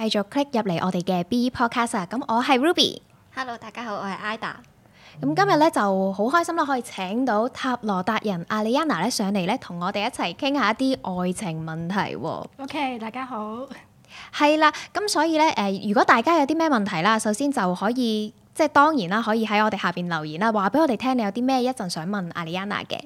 繼續 click 入嚟我哋嘅 B Podcast 咁我係 Ruby，Hello，大家好，我係 Ida。咁、嗯、今日咧就好開心啦，可以請到塔羅達人阿 Alayana 咧上嚟咧，同我哋一齊傾下一啲愛情問題。OK，大家好，係啦。咁所以咧，誒、呃，如果大家有啲咩問題啦，首先就可以即係當然啦，可以喺我哋下邊留言啦，話俾我哋聽你有啲咩一陣想問阿 Alayana 嘅。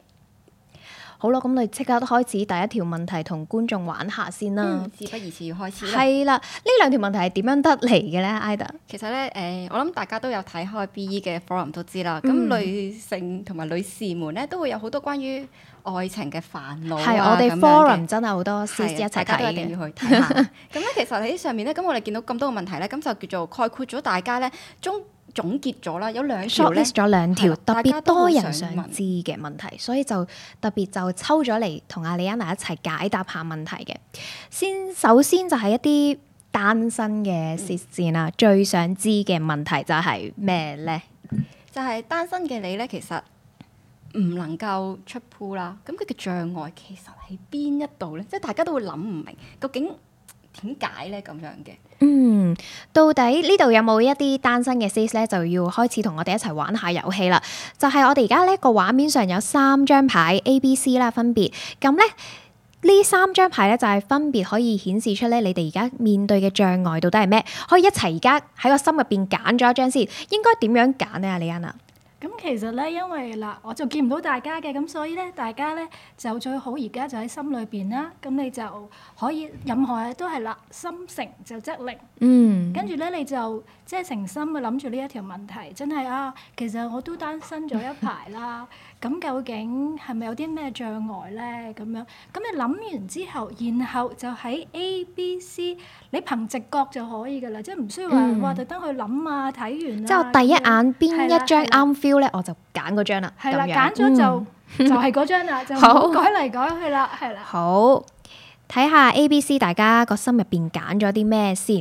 好啦，咁你即刻開始第一條問題，同觀眾玩下先啦。事、嗯、不宜遲要開始。係啦，呢兩條問題係點樣得嚟嘅咧？Ida，其實咧，誒、呃，我諗大家都有睇開 B E 嘅 forum 都知啦。咁、嗯、女性同埋女士們咧，都會有好多關於愛情嘅煩惱。係我哋 forum 真係好多小小小，先一齊睇，一定要去睇。咁咧，其實喺上面咧，咁我哋見到咁多個問題咧，咁就叫做概括咗大家咧中。總結咗啦，有兩條咧， 特別多人想知嘅問題，問所以就特別就抽咗嚟同阿 Alayana 一齊解答下問題嘅。先首先就係一啲單身嘅設置啦，嗯、最想知嘅問題就係咩咧？就係單身嘅你咧，其實唔能夠出 pool 啦。咁佢嘅障礙其實喺邊一度咧？即係大家都會諗唔明究竟。點解咧咁樣嘅？嗯，到底呢度有冇一啲單身嘅 sis 咧？就要開始同我哋一齊玩下遊戲啦。就係、是、我哋而家呢個畫面上有三張牌 A、B、C 啦，分別咁咧呢三張牌咧就係、是、分別可以顯示出咧你哋而家面對嘅障礙到底係咩？可以一齊而家喺個心入邊揀咗一張先，應該點樣揀呢？啊，Alayana 啊。咁其實咧，因為嗱，我就見唔到大家嘅，咁所以咧，大家咧就最好而家就喺心裏邊啦。咁你就可以任何嘢都係啦，心誠就則靈。嗯。跟住咧，你就即係誠心去諗住呢一條問題，真係啊，其實我都單身咗一排啦。咁、 啊、究竟係咪有啲咩障礙咧？咁樣咁你諗完之後，然後、嗯、就喺 A、B、嗯、C，你憑直覺就可以㗎啦，即係唔需要話哇，就特登去諗啊，睇完之後，第一眼邊一張啱 feel 咧，我就揀嗰張啦。係啦，揀咗就就係嗰張啦，就改嚟改去啦，係啦。好。睇下 A、B、C，大家個心入邊揀咗啲咩先？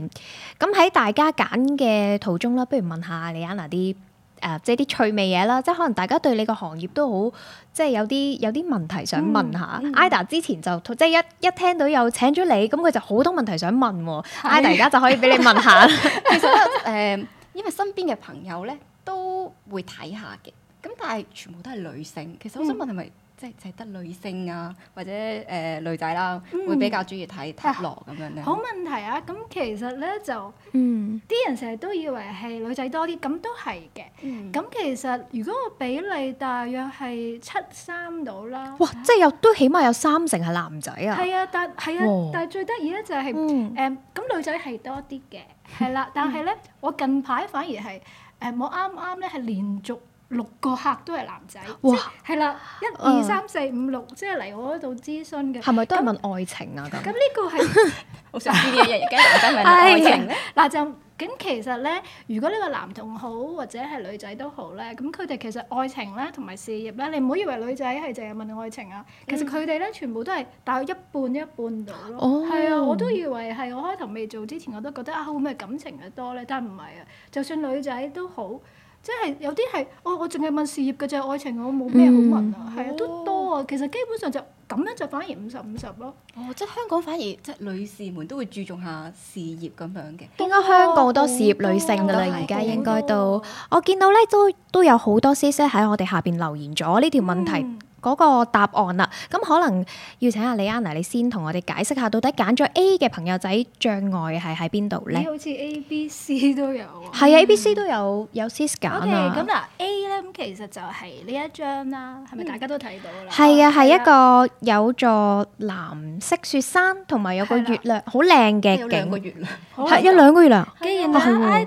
咁喺大家揀嘅途中啦，不如問，問下 Alayana 啲誒、呃，即係啲趣味嘢啦。即係可能大家對你個行業都好，即係有啲有啲問題想問下。嗯嗯、IDA 之前就即係一一聽到有請咗你，咁佢就好多問題想問喎、啊。IDA 而家就可以俾你問下。 其實誒、呃，因為身邊嘅朋友咧都會睇下嘅。咁但係全部都係女性，其實我想問係咪即係淨係得女性啊，或者誒女仔啦，會比較鍾意睇《塔羅》咁樣咧？好問題啊！咁其實咧就，嗯，啲人成日都以為係女仔多啲，咁都係嘅。咁其實如果個比例大約係七三度啦，哇！即係有都起碼有三成係男仔啊！係啊，但係啊，但係最得意咧就係誒，咁女仔係多啲嘅，係啦。但係咧，我近排反而係誒，我啱啱咧係連續，六個客都係男仔，哇即係係啦，一二三四五六，2, 3, 4, 5, 6, 即係嚟我嗰度諮詢嘅，係咪、嗯、那都係問愛情啊？咁呢個係好想知嘅嘢，今日我哋問愛情咧，嗱就咁其實咧，如果呢個男同好或者係女仔都好咧，咁佢哋其實愛情咧同埋事業咧，你唔好以為女仔係淨係問愛情啊，其實佢哋咧全部都係大約一半一半到咯，係、嗯、啊，我都以為係我開頭未做之前我都覺得啊會唔會感情嘅多咧，但唔係啊，就算女仔都好。即係有啲係、哦，我我淨係問事業嘅啫，愛情我冇咩好問啊，係啊、嗯、都多啊，其實基本上就咁樣就反而五十五十咯。哦，即係香港反而即係女士們都會注重下事業咁樣嘅。應該香港好多事業女性噶啦，而家多應該都多我見到咧都都有好多師姐喺我哋下邊留言咗呢條問題。嗯嗰個答案啦，咁可能要請下 Alayana，你先同我哋解釋下，到底揀咗 A 嘅朋友仔障礙係喺邊度咧？好似 A、啊、B、啊、嗯、C 都有。係啊，A、B、C 都有有 C 選啊。OK，咁嗱 A 咧，咁其實就係呢一張啦，係咪大家都睇到啦？係、嗯、啊，係一個有座藍色雪山同埋有個月亮，好靚嘅景。啊、有兩個月亮。係一兩個月亮。竟然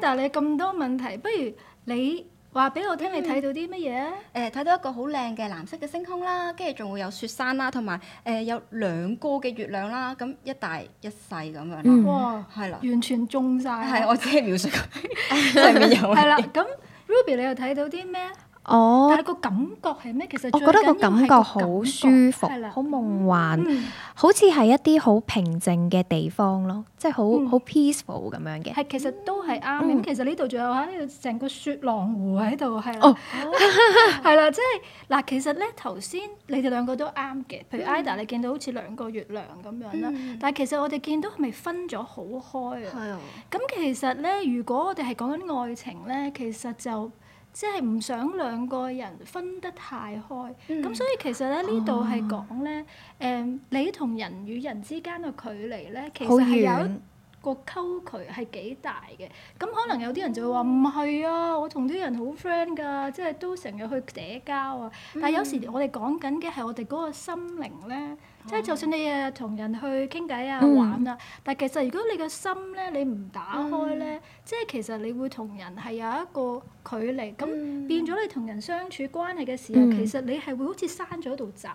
但係你咁多問題，不如你，話俾我聽你，你睇到啲乜嘢？誒、呃，睇到一個好靚嘅藍色嘅星空啦，跟住仲會有雪山啦，同埋誒有兩、呃、個嘅月亮啦，咁一大一細咁樣。哇！係啦，嗯、啦完全中晒。係，我只係描述。係咪係啦，咁 Ruby 你又睇到啲咩？哦但係個感覺係咩？其實我覺得個感覺好舒服，好夢幻，好似係一啲好平靜嘅地方咯，即係好好 peaceful 咁樣嘅。係其實都係啱咁。其實呢度仲有喺呢度成個雪狼湖喺度係啦，係啦，即係嗱。其實咧頭先你哋兩個都啱嘅，譬如 Aida 你見到好似兩個月亮咁樣啦，但係其實我哋見到係咪分咗好開啊？係呀。咁其實咧，如果我哋係講緊愛情咧，其實就即係唔想兩個人分得太開，咁、嗯、所以其實咧呢度係講咧，誒、哦嗯、你同人與人之間嘅距離咧，其實係有一個溝渠係幾大嘅。咁可能有啲人就會話唔係啊，我同啲人好 friend 㗎，即係都成日去社交啊。但係有時我哋講緊嘅係我哋嗰個心靈咧。即係就算你日日同人去傾偈啊、嗯、玩啊，但其實如果你個心咧你唔打開咧，嗯、即係其實你會同人係有一個距離，咁、嗯、變咗你同人相處關係嘅時候，嗯、其實你係會好似閂咗道閘。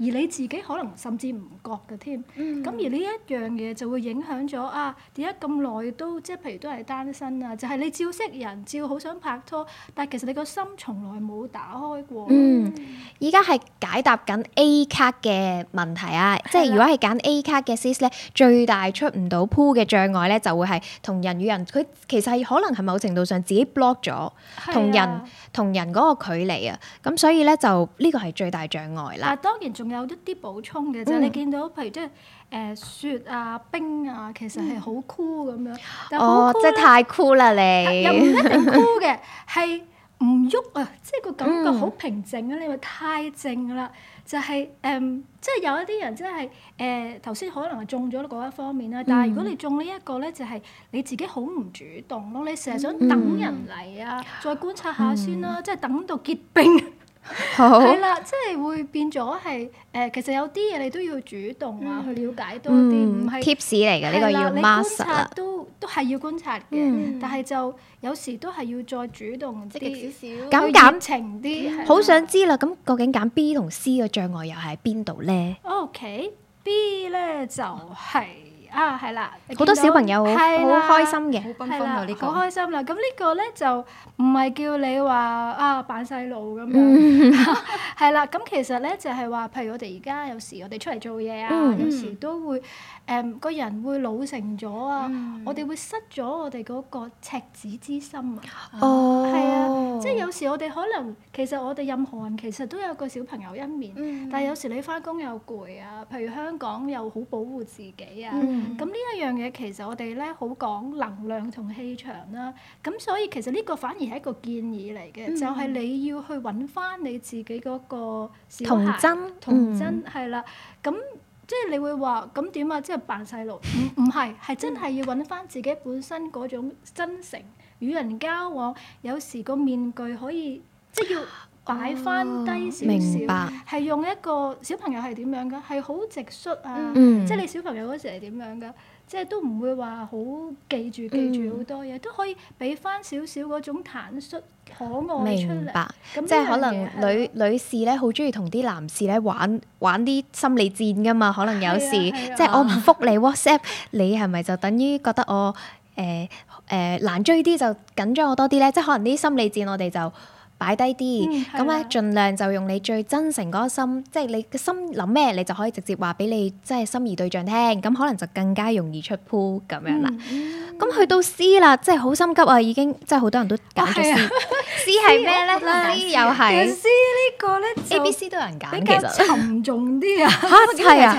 而你自己可能甚至唔覺嘅添，咁而呢一樣嘢就會影響咗啊點解咁耐都即係譬如都係單身啊？就係你照識人，照好想拍拖，但其實你個心從來冇打開過。嗯，依家係解答緊 A 卡嘅問題啊，即係如果係揀 A 卡嘅 sis 咧，最大出唔到 pool 嘅障礙咧，就會係同人與人佢其實係可能係某程度上自己 block 咗同人同人嗰個距離啊，咁所以咧就呢個係最大障礙啦。啊，當然仲有一啲補充嘅啫，嗯、你見到譬如即係誒雪啊、冰啊，其實係好酷咁樣。哦、嗯，但即係太酷啦你、啊！又唔一定酷嘅，係唔喐啊，即係個感覺好平靜啊，嗯、你話太靜啦。就係、是、誒，即、嗯、係、就是、有一啲人即係誒頭先可能係中咗嗰一方面啦，嗯、但係如果你中呢一個咧，就係、是、你自己好唔主動咯，你成日想等人嚟啊，嗯、再觀察下先啦、嗯，即係等到結冰。好係啦，即係會變咗係誒，其實有啲嘢你都要主動啊，嗯、去了解多啲，唔係 tips 嚟嘅呢個要 master 啦，都都係要觀察嘅。嗯、但係就有時都係要再主動積極少少，感感情啲，好嗎想知啦，咁究竟揀 B 同 C 嘅障礙又喺邊度咧？OK，B 咧就係、是。啊，係啦，好多小朋友好開心嘅，好開心啦！咁呢個咧就唔係叫你話啊扮細路咁樣，係啦。咁其實咧就係話，譬如我哋而家有時我哋出嚟做嘢啊，有時都會誒個人會老成咗啊，我哋會失咗我哋嗰個赤子之心啊。哦，係啊，即係有時我哋可能其實我哋任何人其實都有個小朋友一面，但係有時你翻工又攰啊，譬如香港又好保護自己啊。咁呢一樣嘢其實我哋咧好講能量同氣場啦，咁所以其實呢個反而係一個建議嚟嘅，嗯、就係你要去揾翻你自己嗰個童真，童真係啦，咁、嗯、即係你會話咁點啊？即係、就是、扮細路，唔唔係，係真係要揾翻自己本身嗰種真誠，與人交往，有時個面具可以即係要。擺翻低少少，明白，係用一個小朋友係點樣㗎？係好直率啊！嗯、即係你小朋友嗰時係點樣㗎？即係都唔會話好記住記住好多嘢，嗯、都可以俾翻少少嗰種坦率可愛出嚟。明白。咁即係可能女係咪？女士咧好中意同啲男士咧玩玩啲心理戰㗎嘛？可能有時、啊啊、即係我唔復你 WhatsApp，你係咪就等於覺得我誒誒、呃呃、難追啲就緊張我多啲咧？即係可能啲心理戰我哋就～擺低啲，咁咧盡量就用你最真誠嗰個心，即係你嘅心諗咩，你就可以直接話俾你即係心儀對象聽，咁可能就更加容易出鋪咁樣啦。咁去到 C 啦，即係好心急啊，已經即係好多人都揀咗 C。C 係咩咧？C 又係 C 呢個咧，A、B、C 都有人揀，其實沉重啲啊。吓係啊，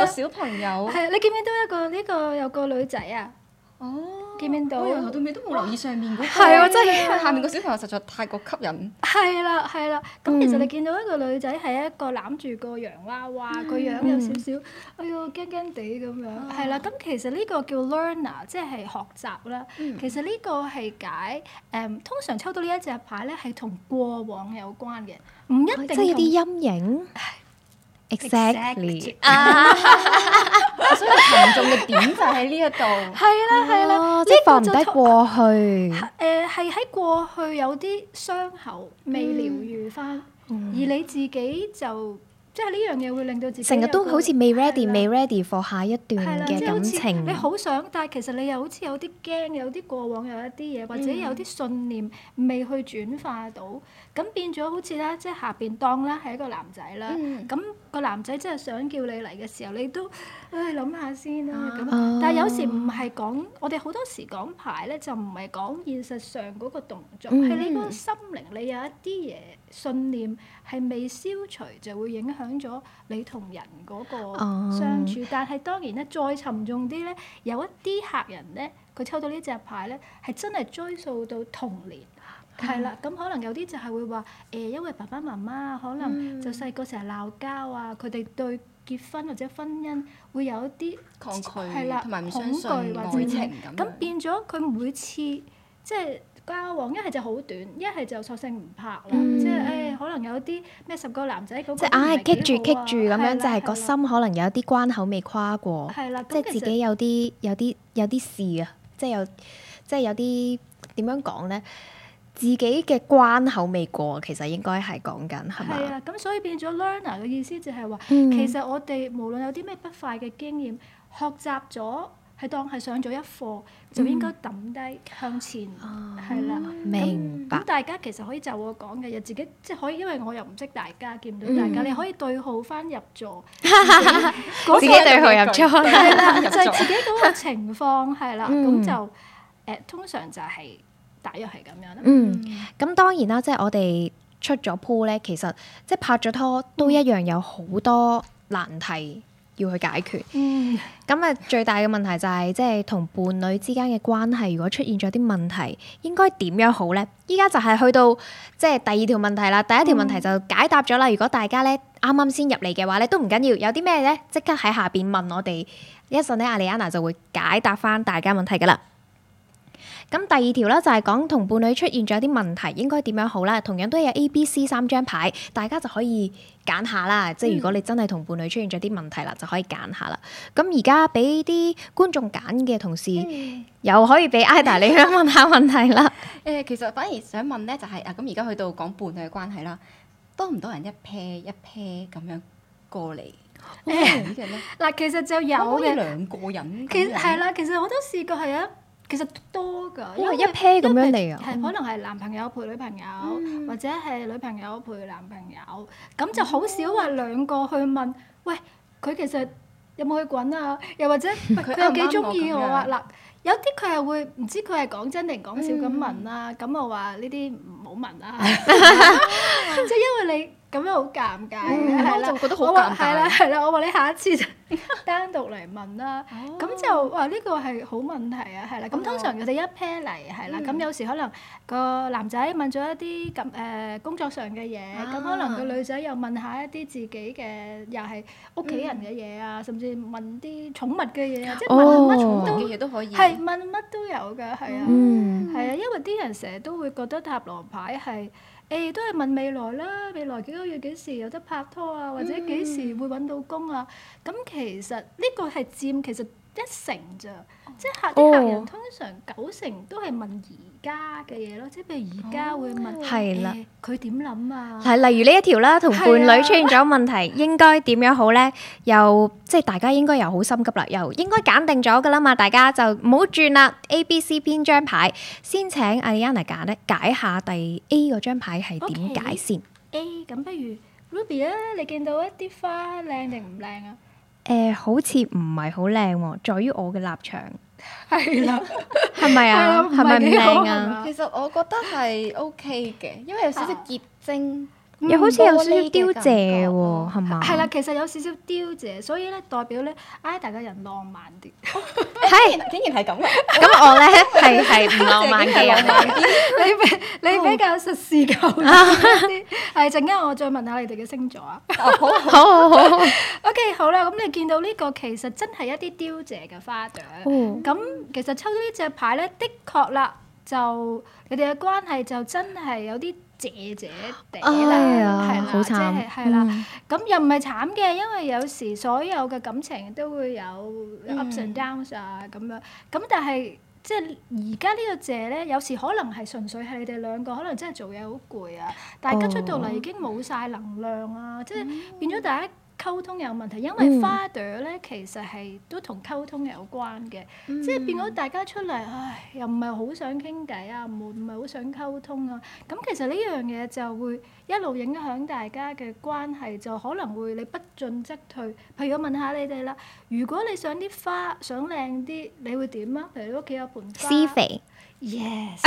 有小朋友。係你記唔記得一個呢個有個女仔啊？哦，見唔見到，我由頭到尾都冇留意上面嗰、那個，係啊，啊，真係因為下面個小朋友實在太過吸引。係啦、啊，係啦、啊，咁、啊嗯嗯、其實你見到一個女仔喺一個攬住個洋娃娃，個樣有少少，嗯、哎呦驚驚地咁樣，係啦、啊，咁、啊嗯、其實呢個叫 learner，即係學習啦。嗯、其實呢個係解誒，通常抽到呢一隻牌咧，係同過往有關嘅，唔一定。即係有啲陰影。Exactly，所以沉重嘅點就喺呢一度，係啦係啦，即係放唔得過去。誒，係喺過去有啲傷口未療愈翻，嗯嗯、而你自己就～即係呢樣嘢會令到自己成日都好似未 ready，了未 ready for 下一段嘅感情。就係、好似你好想，但係其實你又好似有啲驚，有啲過往有一啲嘢，或者有啲信念未去轉化到。咁、嗯、變咗好似咧，即係下邊當啦，係一個男仔啦。咁、嗯、個男仔真係想叫你嚟嘅時候，你都唉諗下先啦、啊、咁。啊、但係有時唔係講，我哋好多時講牌咧，就唔係講現實上嗰個動作，係、嗯、你個心靈，你有一啲嘢。信念係未消除，就會影響咗你同人嗰個相處。Oh. 但係當然咧，再沉重啲咧，有一啲客人咧，佢抽到呢隻牌咧，係真係追溯到童年。係啦，咁 可能有啲就係會話誒、欸，因為爸爸媽媽可能就細個成日鬧交啊，佢哋對結婚或者婚姻會有一啲抗拒，係啦的，同埋唔相信愛情，情。咁的樣變咗佢每次即係。啊！黃一係就好短，一係就索性唔拍啦，嗯、即係誒、哎，可能有啲咩十個男仔咁個。即硬係棘住棘住咁樣，的就係個心的可能有啲關口未跨過，即係自己有啲的有啲有啲事啊！即係有即係有啲點樣講咧？自己嘅關口未過，其實應該係講緊係咪？係啊的，咁所以變咗 learner 嘅意思就係話，的其實我哋無論有啲咩不快嘅經驗，學習咗。係當係上咗一課，就應該揼低向前，係啦、嗯。的明白。咁大家其實可以就我講嘅，又自己即係可以，因為我又唔識大家，見唔到大家，嗯、你可以對號翻入座。 自，己自己對號入座。係啦，啦就自己嗰個情況係啦，咁就誒通常就係大約係咁樣啦。咁、嗯嗯、當然啦，即係我哋出咗 pool 咧，其實即係拍咗拖都一樣有好多難題。要去解決。咁啊、嗯，最大嘅問題就係、是，即係同伴侶之間嘅關係，如果出現咗啲問題，應該點樣好咧？依家就係去到即係第二條問題啦。第一條問題就解答咗啦。嗯、如果大家咧啱啱先入嚟嘅話咧，都唔緊要，要，有啲咩咧即刻喺下邊問我哋。一陣咧，阿莉亞娜就會解答返大家問題噶啦。咁第二條咧就係講同伴侶出現咗啲問題應該點樣好咧？同樣都有 A、B、C 三張牌，大家就可以揀下啦。嗯、即係如果你真係同伴侶出現咗啲問題啦，就可以揀下啦。咁而家俾啲觀眾揀嘅同時，嗯、又可以俾 Ada 你想問下問題啦。誒、 呃，其實反而想問咧、就係，就係啊，咁而家去到講伴侶嘅關係啦，多唔多人一 pair 一 pair 咁樣過嚟？嗱、呃，其實就有嘅兩個人，其實係啦。其實我都試過係啊。其實多㗎，因為一 pair 咁樣嚟㗎，係可能係男朋友陪女朋友，或者係女朋友陪男朋友，咁就好少話兩個去問，喂，佢其實有冇去滾啊？又或者佢有幾中意我啊？嗱，有啲佢係會唔知佢係講真定講笑咁問啦，咁我話呢啲唔好問啦，即係因為你。咁樣好尷尬，咁我就覺得好尷尬。係啦，係啦，我話你下一次就單獨嚟問啦。咁就話呢個係好問題啊，係啦。咁通常我哋一 pair 嚟係啦，咁有時可能個男仔問咗一啲咁誒工作上嘅嘢，咁可能個女仔又問下一啲自己嘅，又係屋企人嘅嘢啊，甚至問啲寵物嘅嘢啊，即係問乜嘢都可以。係問乜都有㗎，係啊，係啊，因為啲人成日都會覺得塔羅牌係。誒、哎、都係問未來啦，未來幾個月幾時有得拍拖啊，或者幾時會揾到工啊？咁其實呢個係佔其實一成咋。即係客啲客人通常九成都係問而家嘅嘢咯，即係譬如而家會問誒佢點諗啊？係例如呢一條啦，同伴侶出現咗問題，應該點樣好咧？又即係大家應該又好心急啦，又應該揀定咗噶啦嘛，大家就唔好轉啦。A、B、C 邊張牌先請 Alayana 揀咧，解下第 A 嗰張牌係點解先？A 咁不如 Ruby 咧，你見到一啲花靚定唔靚啊？誒，好似唔係好靚喎，在於我嘅立場。係啦，係咪對 啊？係咪唔靚啊？其實我覺得係 OK 嘅，因為有少少結晶。Uh. 又好似有少少凋謝喎，係嘛？係啦，其實有少少凋謝，所以咧代表咧，唉大家人浪漫啲，係竟然係咁。咁我咧係係唔浪漫嘅人，你比你比較實事求是啲。係，陣間我再問下你哋嘅星座啊。好，好，好，好。OK，好啦，咁你見到呢個其實真係一啲凋謝嘅花朵。嗯。咁其實抽到呢隻牌咧，的確啦。就你哋嘅關係就真係有啲謝謝哋啦，係、哎、呀啦，慘即係係啦。咁、嗯、又唔係慘嘅，因為有時所有嘅感情都會有 ups and downs 啊咁、嗯、樣。咁但係即係而家呢個謝咧，有時可能係純粹係你哋兩個可能真係做嘢好攰啊，大家出到嚟已經冇晒能量啊，即係變咗大家。溝通有問題，因為花朵咧其實係都同溝通有關嘅，嗯、即係變咗大家出嚟，唉，又唔係好想傾偈啊，唔唔係好想溝通啊，咁其實呢樣嘢就會一路影響大家嘅關係，就可能會你不進則退。譬如我問下你哋啦，如果你想啲花想靚啲，你會點啊？譬如你屋企有盆花施肥，yes。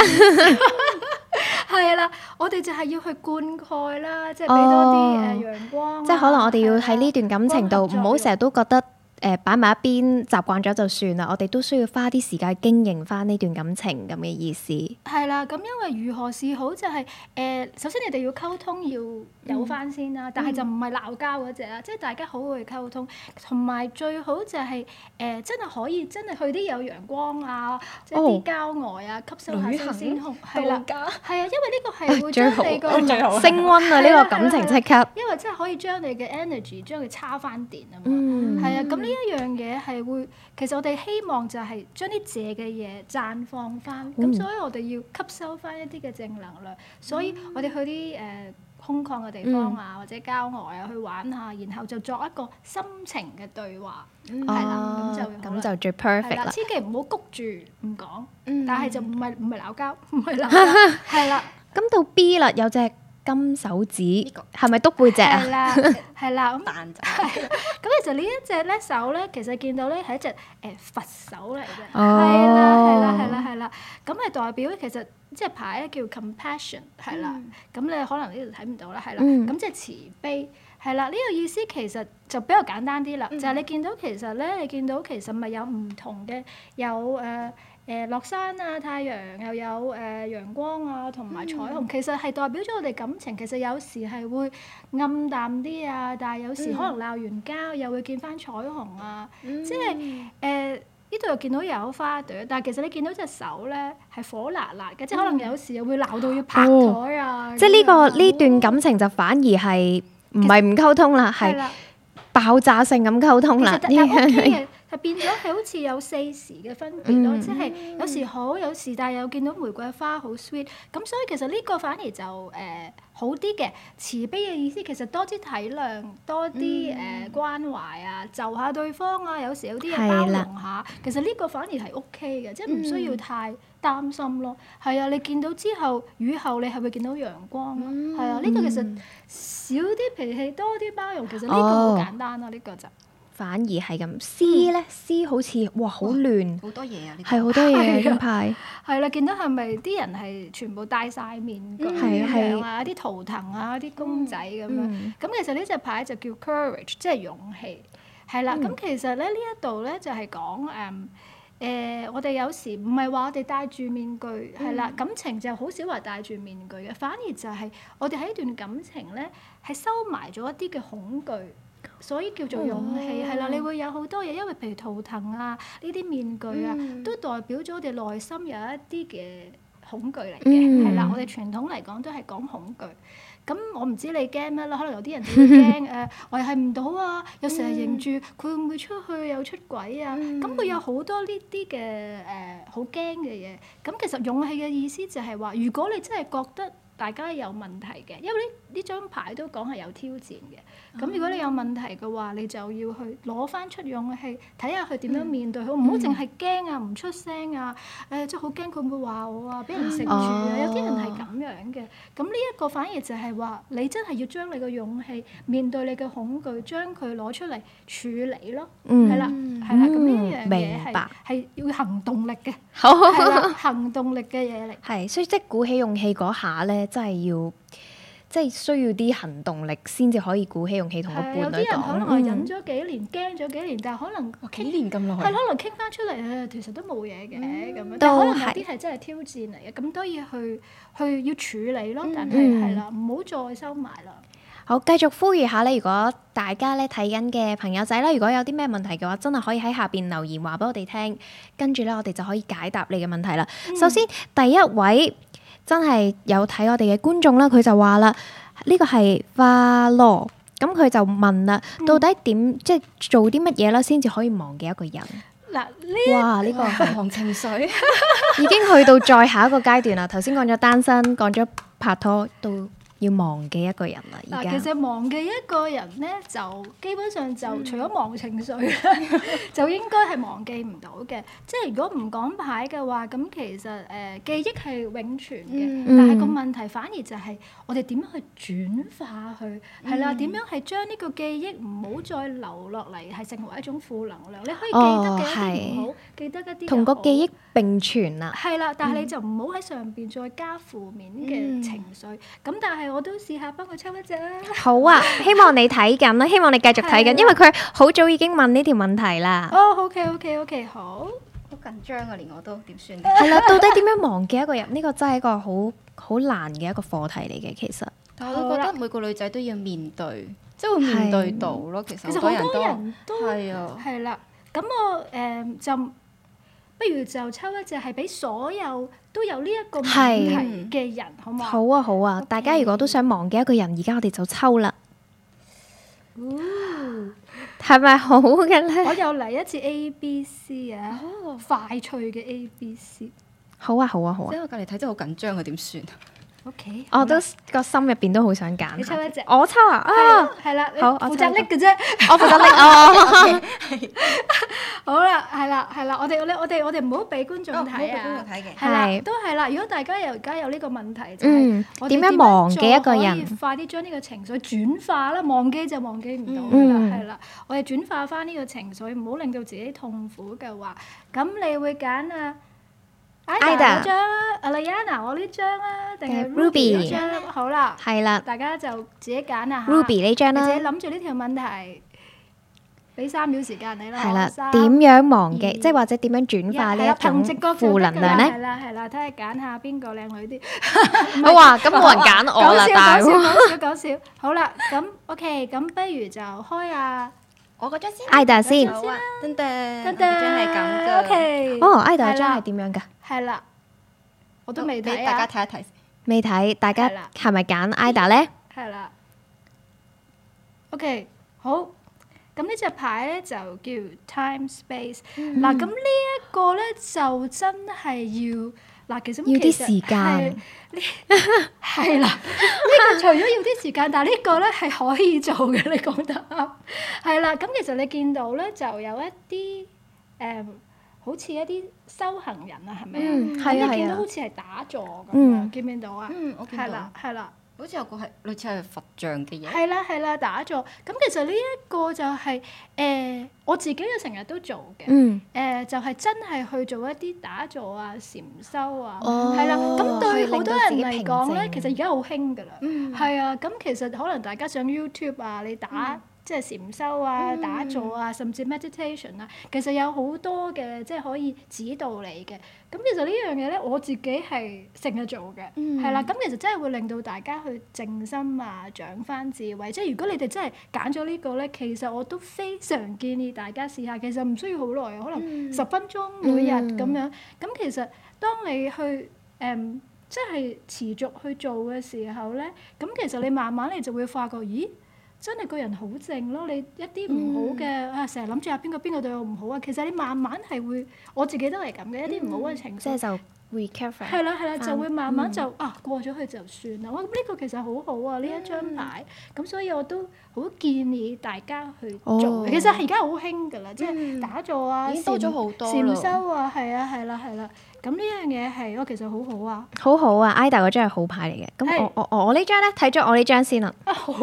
係啦，我哋就係要去灌溉啦，即係俾多啲誒陽光、啊哦。即係可能我哋要喺呢段感情度，唔好成日都覺得。誒擺埋一邊，習慣咗就算啦。我哋都需要花啲時間去經營翻呢段感情咁嘅意思。係啦，咁因為如何是好就係誒，首先你哋要溝通要有翻先啦。但係就唔係鬧交嗰隻嗰隻啦，即係大家好好去溝通。同埋最好就係誒，真係可以真係去啲有陽光啊，即係啲郊外啊，吸收下啲先好。係啦。係啊，因為呢個係會將你個升溫啊，呢個感情即刻。因為真係可以將你嘅 energy 將佢叉翻電啊嘛。係啊，咁呢？呢一樣嘢係會，其實我哋希望就係將啲借嘅嘢綻放翻，咁所以我哋要吸收翻一啲嘅正能量，所以我哋去啲誒空曠嘅地方啊，或者郊外啊去玩下，然後就作一個心情嘅對話，係啦，咁就咁就最 perfect 啦。千祈唔好谷住唔講，但係就唔係唔係鬧交，唔係鬧交，係啦。咁到 B 啦，有隻。金手指係咪篤背脊啊？係啦，係啦，咁咁其實呢一隻咧手咧，其實見到咧係一隻誒佛手嚟嘅，係啦，係啦，係啦，係啦，咁係代表其實即係牌咧叫 compassion，係啦，咁你可能呢度睇唔到啦，係啦，咁即係慈悲，係啦，呢個意思其實就比較簡單啲啦，就係你見到其實咧，你見到其實咪有唔同嘅有誒，誒落、呃、山啊，太陽又有誒、呃、陽光啊，同埋彩虹，嗯、其實係代表咗我哋感情。其實有時係會暗淡啲啊，但係有時可能鬧完交又會見翻彩虹啊。嗯、即係誒呢度又見到有花朵，但係其實你見到隻手咧係火辣辣嘅，嗯、即係可能有時又會鬧到要拍台啊。即係呢個呢段感情就反而係唔係唔溝通啦，係實爆炸性咁溝通啦。 就變咗係好似有四時嘅分別咯，嗯、即係有時好，有時但係又見到玫瑰花好 sweet，咁所以其實呢個反而就誒、呃、好啲嘅慈悲嘅意思，其實多啲體諒，多啲誒、嗯呃、關懷啊，就下對方啊，有時有啲嘢包容下，的其實呢個反而係 OK 嘅，即係唔需要太擔心咯。係啊、嗯，你見到之後雨後你係會見到陽光，係啊、嗯，呢個其實少啲脾氣，多啲包容，其實呢個好簡單咯，呢、哦、個就。反而係咁，C 咧，C 好似哇好亂，好多嘢啊！呢係好多嘢啊，呢個牌，係啦，見到係咪啲人係全部戴晒面具咁樣啊？啲圖騰啊，啲公仔咁樣。咁其實呢隻牌就叫 Courage，即係勇氣。係啦，咁其實咧呢一度咧就係講誒誒，我哋有時唔係話我哋戴住面具，係啦，感情就好少話戴住面具嘅，反而就係我哋喺呢段感情咧係收埋咗一啲嘅恐懼。所以叫做勇氣，係啦、嗯，你會有好多嘢，因為譬如圖騰啊，呢啲面具啊，都代表咗我哋內心有一啲嘅恐懼嚟嘅，係啦、嗯，我哋傳統嚟講都係講恐懼。咁我唔知你驚咩啦，可能有啲人會驚誒，維係唔到啊，又成日認住佢會唔會出去又出軌啊？咁佢、嗯、有好多呢啲嘅誒好驚嘅嘢。咁、呃、其實勇氣嘅意思就係話，如果你真係覺得大家有問題嘅，因為呢呢張牌都講係有挑戰嘅。咁、嗯、如果你有問題嘅話，你就要去攞翻出勇氣，睇下佢點樣面對佢，唔好淨係驚啊，唔出聲啊，誒、嗯呃，即係好驚佢會話我啊，俾人食住啊，哦、有啲人係咁樣嘅。咁呢一個反而就係話，你真係要將你嘅勇氣面對你嘅恐懼，將佢攞出嚟處理咯，係、嗯、啦，係、嗯、啦，咁呢樣嘢係白要行動力嘅，係 啦，行動力嘅嘢嚟。係， 所以即係鼓起勇氣嗰下咧，真係要。即係需要啲行動力先至可以鼓起勇氣同個伴侶講。有啲人可能忍咗幾年，驚咗、嗯、幾年，但係可能幾年咁耐。係可能傾翻出嚟、呃，其實都冇嘢嘅咁樣。但是可能有啲係真係挑戰嚟嘅，咁多嘢去去要處理咯。但係係啦，唔好、嗯、再收埋啦。好，繼續呼籲下咧，如果大家咧睇緊嘅朋友仔啦，如果有啲咩問題嘅話，真係可以喺下邊留言話俾我哋聽。跟住咧，我哋就可以解答你嘅問題啦。嗯、首先第一位。真係有睇我哋嘅觀眾啦，佢就話啦，呢、這個係花落，咁佢就問啦，嗯、到底點即係做啲乜嘢啦，先至可以忘記一個人？嗱這，哇，呢哇、這個係忘情水，哇已經去到再下一個階段啦。頭先講咗單身，講咗拍拖都。要忘記一個人啦，而家其實忘記一個人咧，就基本上就除咗忘情緒咧，就應該係忘記唔到嘅。即係如果唔講牌嘅話，咁其實誒記憶係永存嘅。但係個問題反而就係我哋點樣去轉化去？係啦，點樣係將呢個記憶唔好再留落嚟，係成為一種負能量。你可以記得嘅一啲唔好記得一啲，同個記憶並存啦。係啦，但係你就唔好喺上邊再加負面嘅情緒。咁但係。我都試下幫佢抽一隻啦。好啊，希望你睇緊啦，希望你繼續睇緊， 啊，因為佢好早已經問呢條問題啦。哦，OK，OK，OK，好好緊張啊，連我都點算？係啦， 到底點樣忘記一個人？呢個真係一個好好難嘅一個課題嚟嘅，其實。但係我都覺得每個女仔都要面對，即係會面對到咯。啊，其實好多人都係 啊，係啦。咁我誒就。不如就抽一隻係俾所有都有呢一個問題嘅人，是好唔好啊？好啊好啊！Okay. 大家如果都想忘記一個人，而家我哋就抽啦。係咪 Ooh, 好嘅咧？我又嚟一次 A B C 啊！快脆嘅 A B C。好啊好啊好啊！喺、啊啊、我隔離睇真係好緊張啊，點算？OK，我都個心入邊都好想揀。你抽一隻，我抽啊啊！係啦，你，負責拎嘅啫， 我負責拎啊。好啦，係啦，係啦，我哋我哋我哋唔好俾觀眾睇啊！唔好俾觀眾睇嘅，係啦的，都係啦。如果大家又而家有呢個問題，嗯、就係，點樣忘記一個人？快啲將呢個情緒轉化啦，忘記就忘記唔到啦，係啦、嗯。我哋轉化翻呢個情緒，唔好令到自己痛苦嘅話，咁你會揀啊？AdaAlayana，我呢張啦，定係 Ruby 呢張好啦，係啦，大家就自己揀啊吓，Ruby 呢張啦，自己諗住呢條問題，俾三秒時間你啦，係啦，點樣忘記，即係或者點樣轉化呢一種負能量咧？係啦係啦，睇下揀下邊個靚女啲。好哇，咁冇人揀我啦，講笑講笑講笑，好啦，咁 OK，咁不如就開下我個張先，Ada 先，等等，我張係咁嘅，哦，Ada 張係點樣噶？係啦，我都未睇啊！大家睇一睇，未睇，大家係咪揀 Ada 咧？係啦。OK，好。咁呢隻牌咧就叫 Time Space。嗱，咁呢一個咧就真係要嗱，其實要啲時間。係啦，呢個除咗要啲時間，但係呢個咧係可以做嘅。你講得啱。係啦，咁其實你見到咧就有一啲誒。好似一啲修行人啊，係咪？啊？係啊，見到好似係打坐咁樣見唔見到啊？嗯，係啦，係啦。好似有個係類似係佛像嘅嘢。係啦，係啦，打坐。咁其實呢一個就係誒我自己就成日都做嘅。嗯。誒就係真係去做一啲打坐啊、禪修啊。哦。係啦，咁對好多人嚟講咧，其實而家好興㗎啦。嗯。係啊，咁其實可能大家上 YouTube 啊，你打。即係禪修啊、打坐啊，甚至 meditation 啊、嗯，其實有好多嘅即係可以指導你嘅。咁其實呢樣嘢咧，我自己係成日做嘅，係啦、嗯。咁其實真係會令到大家去靜心啊，長翻智慧。即係如果你哋真係揀咗呢個咧，其實我都非常建議大家試下。其實唔需要好耐，可能十分鐘，每日咁樣。咁、嗯嗯、其實當你去誒、嗯、即係持續去做嘅時候咧，咁其實你慢慢你就會發覺，咦？真係個人好靜咯，你一啲唔好嘅、嗯、啊，成日諗住啊邊個邊個對我唔好啊，其實你慢慢係會，我自己都係咁嘅，一啲唔好嘅情緒。嗯，接受。係啦係啦，就會慢慢就啊、嗯、過咗去就算啦。哇！咁、這、呢個其實好好啊，呢一張牌。咁、嗯、所以我都好建議大家去做。哦、其實而家好興㗎啦，即係打坐啊、嗯，已經多咗好多禪。禪修啊，係啊係啦係啦。咁呢樣嘢係其實好好啊。好好啊，IDA 嗰張係好牌嚟嘅。咁我我我，我張呢張咧睇咗我呢張先啦。啊好，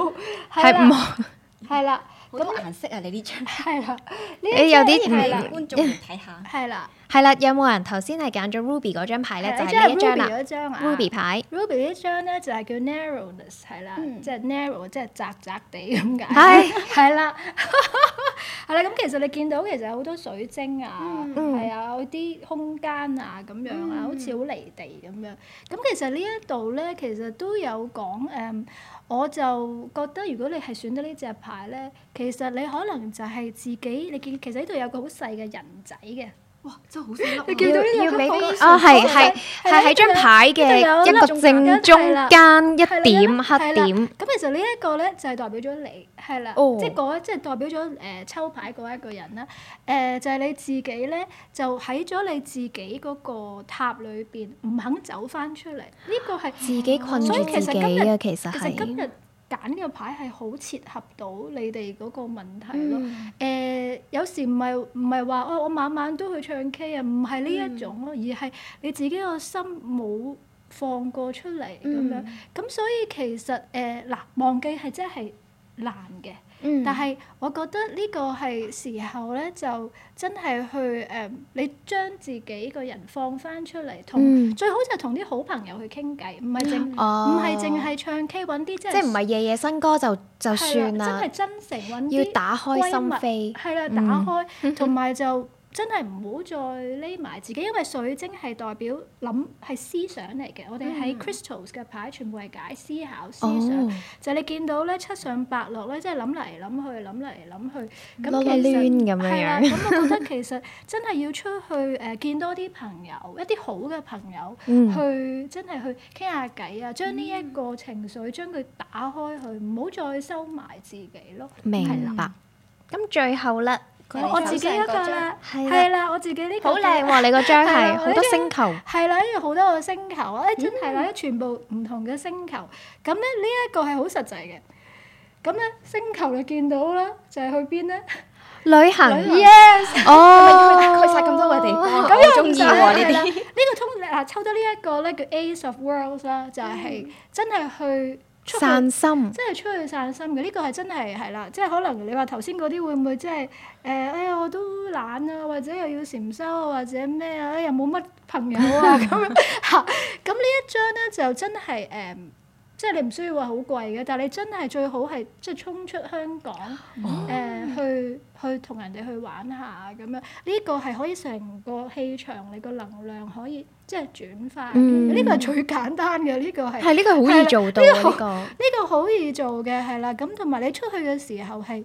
係唔好，係啦。好多顏色啊！你呢張係啦，呢有啲然係啦，觀眾要睇下係啦，係啦。 有冇人頭先係揀咗 Ruby 嗰張牌咧？對就係呢張啦、啊、Ruby 牌。Ruby 張呢張咧就係、是、叫 Narrowness，係啦，即係 narrow，即係窄窄地咁解。係，係啦。 係啦，咁、嗯、其實你見到其實有好多水晶啊，係、嗯、啊，有啲空間啊咁樣啊，嗯、好似好離地咁樣。咁其實呢一度咧，其實都有講誒、嗯，我就覺得如果你係選到呢隻牌咧，其實你可能就係自己你見其實呢度有個好細嘅人仔嘅。哇，真係好醒目！你見到呢個啊？係係係，喺張牌嘅一個正中間一點黑點。咁其實呢一個咧就係代表咗你，係啦，即係即係代表咗誒抽牌嗰一個人啦。誒就係你自己咧，就喺咗你自己嗰個塔裏邊，唔肯走翻出嚟。呢個係自己困住自己呀，其實係。揀呢個牌係好切合到你哋嗰個問題咯。誒、嗯呃，有時唔係唔係話哦，我晚晚都去唱 K 啊，唔係呢一種咯，嗯、而係你自己個心冇放過出嚟咁樣。咁、嗯、所以其實誒，嗱、呃，忘記係真係難嘅。嗯、但係，我覺得呢個係時候咧，就真係去誒、嗯，你將自己個人放翻出嚟同、嗯、最好就同啲好朋友去傾偈，唔係淨唔係淨係唱 K 揾啲即係。即係唔係夜夜笙歌就就算啦、啊，真係真誠揾啲閨蜜，係啦物、嗯啊，打開同埋、嗯、就。 真係唔好再匿埋自己，因為水晶係代表諗係思想嚟嘅。我哋喺 crystals 嘅牌全部係解思考思想，哦、就你見到咧七上八落咧，即係諗嚟諗去，諗嚟諗去，咁、嗯嗯、其實係啦。咁我覺得其實真係要出去誒、呃、見多啲朋友，一啲好嘅朋友、嗯、去真係去傾下偈啊，將呢一個情緒將佢打開去，唔好再收埋自己咯。嗯、明白。咁最後啦。我自己一個啦，係啦，我自己呢個好靚喎！你嗰張係好多星球，係啦，跟住好多個星球，哎真係啦，全部唔同嘅星球。咁咧呢一個係好實際嘅，咁咧星球就見到啦，就係去邊咧？旅行，Yes，哦，咪去曬咁多個地方，我好中意喎呢啲。呢個抽啊抽到呢一個咧叫 Ace of Worlds 啦，就係真係去。散心，即係出去散心嘅呢，呢個係真係係啦，即係可能你話頭先嗰啲會唔會即係誒？哎呀，我都懶啊，或者又要禪修，或者咩啊，又冇乜朋友啊，咁樣嚇。咁呢 一張咧就真係誒。嗯即係你唔需要話好貴嘅，但係你真係最好係即係衝出香港誒、嗯呃、去去同人哋去玩下咁樣，呢、呢個係可以成個氣場，你個能量可以即係轉化。呢、嗯、個係最簡單嘅，呢、呢個係係呢個好易做到呢、呢個。呢個好易做嘅係啦，咁同埋你出去嘅時候係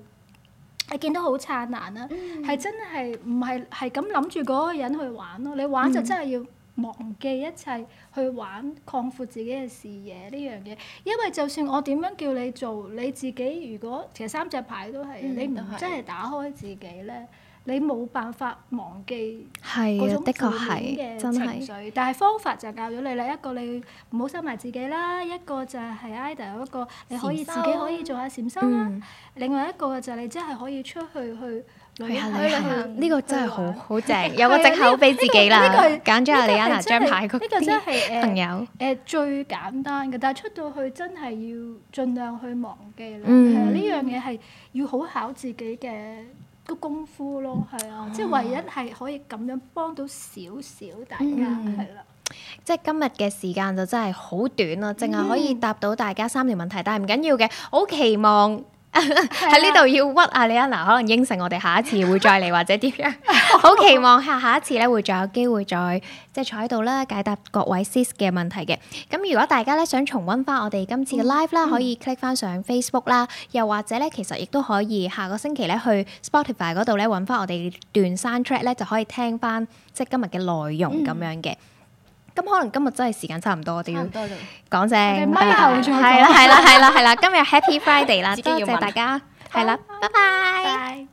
你見到好燦爛啦，係、嗯、真係唔係係咁諗住嗰個人去玩咯，你玩就真係要。嗯忘記一切去玩，擴闊自己嘅視野呢樣嘢。因為就算我點樣叫你做，你自己如果其實三隻牌都係、嗯、你唔真係打開自己咧，的你冇辦法忘記嗰種負面嘅情緒。但係方法就教咗你啦，一個你唔好收埋自己啦，一個就係 ida 有一個你可以自己可以做下閃身啦、啊。啊嗯、另外一個就係你真係可以出去去。係啊，係啊，呢個真係好好正，有個藉口俾自己啦。揀咗阿李安娜張牌，呢個啲朋友。誒最簡單嘅，但係出到去真係要盡量去忘記啦。其實呢樣嘢係要好考自己嘅個功夫咯，係啊，即係唯一係可以咁樣幫到少少大家係啦。即係今日嘅時間就真係好短啦，淨係可以答到大家三條問題，但係唔緊要嘅，我好期望。喺呢度要屈啊，你啊，嗱，可能應承我哋下一次會再嚟或者點樣， 好期望下下一次咧會再有機會再即係、就是、坐喺度咧解答各位 sis 嘅問題嘅。咁如果大家咧想重溫翻我哋今次嘅 live 啦、嗯，可以 click 翻上 Facebook 啦、嗯，又或者咧其實亦都可以下個星期咧去 Spotify 嗰度咧揾翻我哋段 soundtrack 咧就可以聽翻即係今日嘅內容咁樣嘅。嗯咁可能今日真係時間差唔多啲，講聲，係啦係啦係啦係啦，今日 Happy Friday 啦， 要多謝大家，係啦，拜拜。